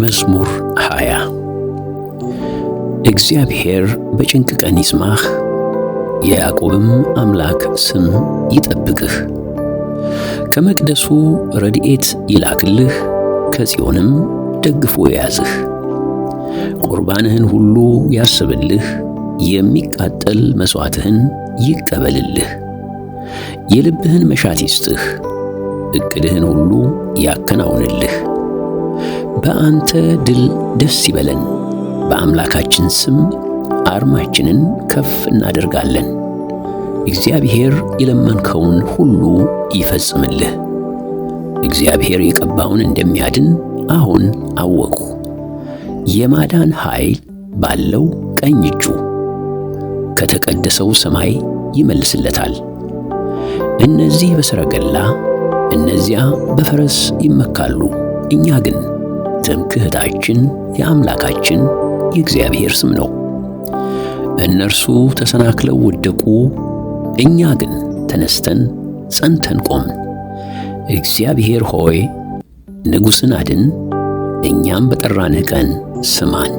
መዝሙር 20 እግዚአብሔር በጭንቅ ቀን ይስማህ፣ የያዕቆብም አምላክ ስም ይጠብቅህ። ከመቅደሱ ረድኤት ይላክልህ፣ ከጽዮንም ደግፎ የያዝህ። ቁርባንህን ሁሉ ያስብልህ፣ የሚቃጠል መሥዋዕትህን ይቀበልልህ። የልብህን መሻት ይስጥህ፣ እቅድህን ሁሉ ያከናውንልህ። በአንተ ድል ደስ ይበለን። በአምላካችን ስም አርማችንን ከፍ እናደርጋለን። እግዚአብሔር የለመንከውን ሁሉ ይፈጽምልህ። እግዚአብሔር የቀባውን እንደሚያድን አሁን አወቁ። የማዳን ኃይል ባለው ቀኝ እጁ ከተቀደሰው ሰማይ ይመልስለታል። እነዚህ በሰረገላ እነዚያ በፈረስ ይመካሉ፣ እኛ ግን ትምክህታችን የአምላካችን የእግዚአብሔር ስም ነው። እነርሱ ተሰናክለው ወደቁ፣ እኛ ግን ተነስተን ጸንተን ቆምን። እግዚአብሔር ሆይ ንጉሥን አድን፣ እኛም በጠራንህ ቀን ስማን።